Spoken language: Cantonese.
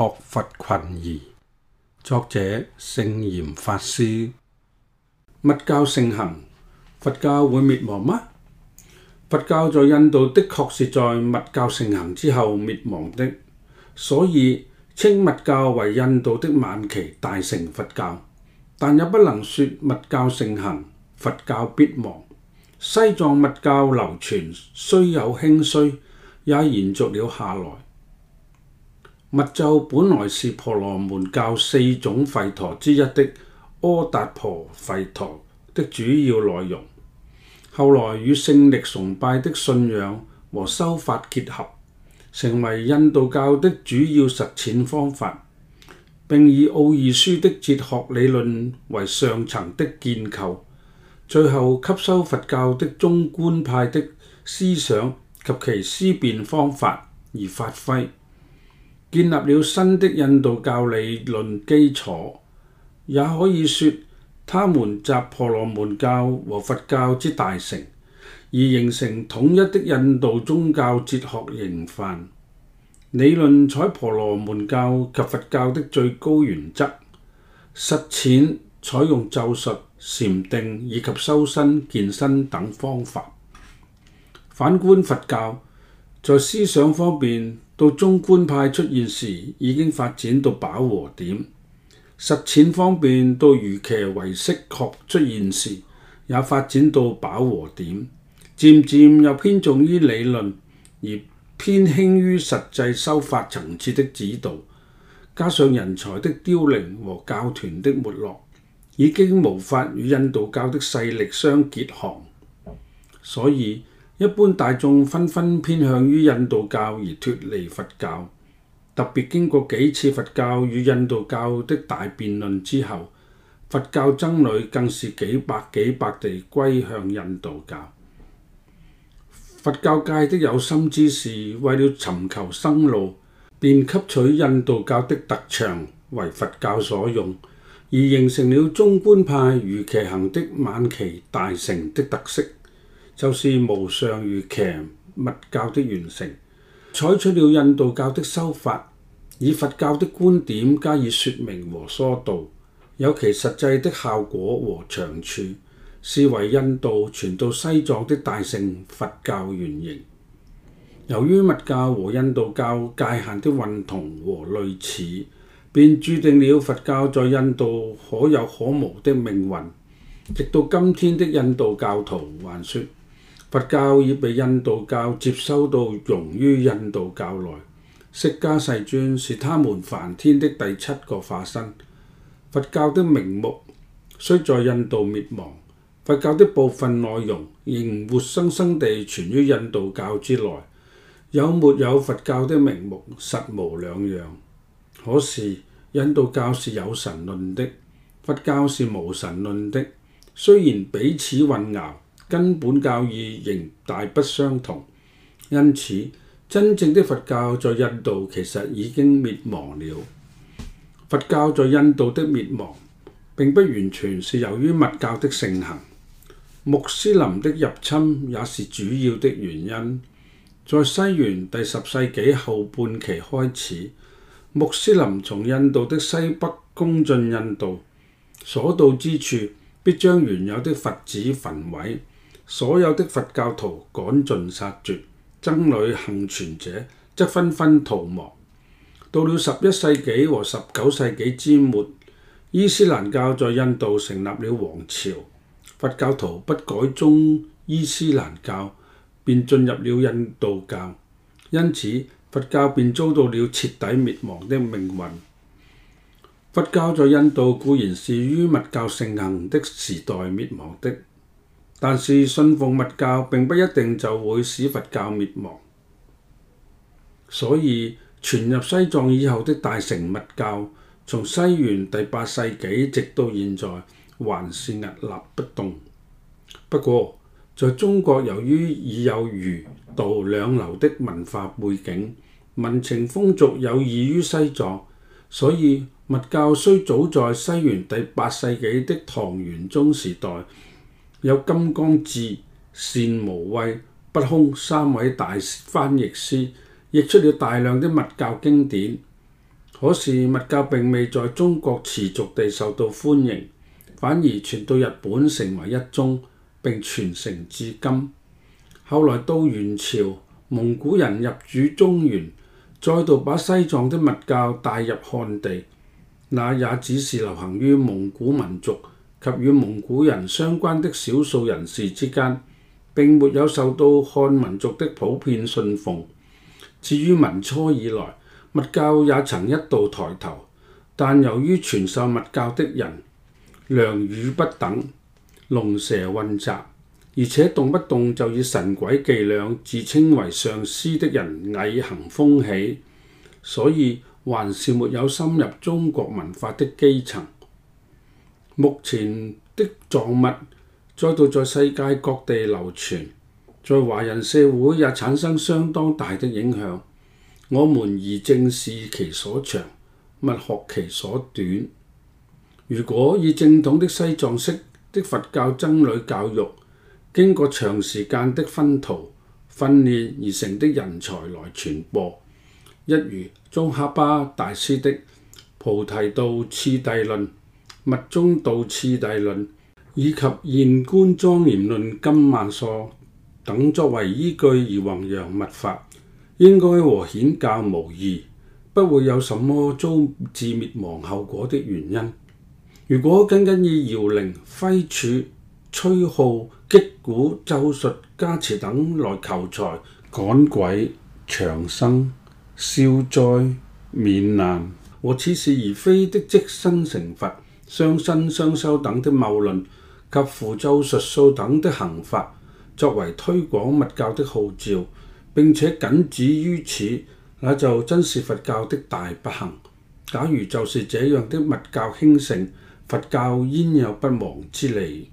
學佛群疑，作者聖嚴法師。密教盛行，佛教會滅亡嗎？佛教在印度的確是在密教盛行之後滅亡的，所以稱密教為印度的晚期大乘佛教，但也不能說密教盛行佛教必亡。西藏密教流傳雖有興衰，也延續了下來。密咒本來是婆羅門教四種吠陀之一的阿達婆吠陀的主要內容，後來與性力崇拜的信仰和修法結合，成為印度教的主要實踐方法，並以奧義書的哲學理論為上層的建構，最後吸收佛教的中觀派的思想及其思辨方法而發揮。建立了新的印度教理論基礎，也可以說他們集婆羅門教和佛教之大成，而形成統一的印度宗教哲學形範。理論採婆羅門教及佛教的最高原則，實踐採用咒術、禪定以及修身健身等方法。反觀佛教，在思想方面。到中觀派出現時，已經發展到飽和點。實踐方面到瑜伽唯識學出現時，也發展到飽和點。漸漸又偏重於理論，而偏輕於實際修法層次的指導。加上人才的凋零和教團的沒落，已經無法與印度教的勢力相結合。所以，一般大眾紛紛偏向於印度教而脱離佛教，特別經過幾次佛教與印度教的大辯論之後，佛教僧侶更是幾百幾百地歸向印度教。佛教界的有心之士為了尋求生路，便吸取印度教的特長為佛教所用，而形成了中觀派、瑜伽行的晚期大乘的特色。就是無上瑜伽密教的完成，採取了印度教的修法，以佛教的觀點加以説明和疏導，有其實際的效果和長處，是為印度傳到西藏的大乘佛教原型。由於密教和印度教界限的混同和類似，便注定了佛教在印度可有可無的命運。直到今天的印度教徒還說。佛教已被印度教接收到，融於印度教內。釋迦世尊是他們梵天的第七個化身。佛教的名目雖在印度滅亡，佛教的部分內容仍活生生地存於印度教之內。有沒有佛教的名目，實無兩樣。可是印度教是有神論的，佛教是無神論的。雖然彼此混淆。根本教義仍大不相同，因此真正的佛教在印度其實已經滅亡了。佛教在印度的滅亡並不完全是由於密教的盛行，穆斯林的入侵也是主要的原因。在西元第十世紀後半期開始，穆斯林從印度的西北攻進印度，所到之處必將原有的佛寺焚毀。所有的佛教徒趕盡殺絕，僧侶幸存者則紛紛逃亡。到了十一世紀和十九世紀之末，伊斯蘭教在印度成立了王朝，佛教徒不改宗伊斯蘭教，便進入了印度教。因此，佛教便遭到了徹底滅亡的命運。佛教在印度固然是於密教盛行的時代滅亡的。但是信奉密教並不一定就會使佛教滅亡，所以傳入西藏以後的大乘密教，從西元第八世紀直到現在還是屹立不動。不過在、就是、中國由於已有儒道兩流的文化背景，民情風俗有異於西藏，所以密教雖早在西元第八世紀的唐玄宗時代，有金剛智、善無畏、不空三位大翻譯師，譯出了大量的密教經典。可是密教並未在中國持續地受到歡迎，反而傳到日本成為一宗，並傳承至今。後來到元朝，蒙古人入主中原，再度把西藏的密教帶入漢地，那也只是流行於蒙古民族，及與蒙古人相關的少數人士之間，並沒有受到漢民族的普遍信奉。至於民初以來，密教也曾一度抬頭，但由於傳授密教的人良莠不等，龍蛇混雜，而且動不動就以神鬼伎倆自稱為上師的人偽行風起，所以還是沒有深入中國文化的基層。目前的藏物再度在世界各地流傳，在華人社會也產生相當大的影響。我們而正視其所長，勿學其所短。如果以正統的西藏式的佛教僧侶教育，經過長時間的熏陶訓練而成的人才來傳播，一如宗喀巴大師的《菩提道次第論》。《密宗道次第論》以及《現觀莊嚴論》、《金鬘疏》等作為依據而弘揚密法，應該和顯教無異，不會有什麼遭致滅亡後果的原因。如果僅僅以搖鈴、揮杵、吹號、擊鼓、咒術、加持等來求財、趕鬼、長生、消災、免難，和似是而非的即身成佛。雙身雙修等的謬論及符咒術數等的行法，作為推廣佛教的號召，並且僅止於此，那就真是佛教的大不幸。假如就是這樣的佛教興盛，佛教焉有不亡之理？